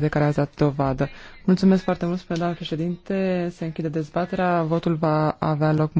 de care ați dat dovadă. Mulțumesc foarte mult, spre doamna președinte. Se închide dezbaterea. Votul va avea loc.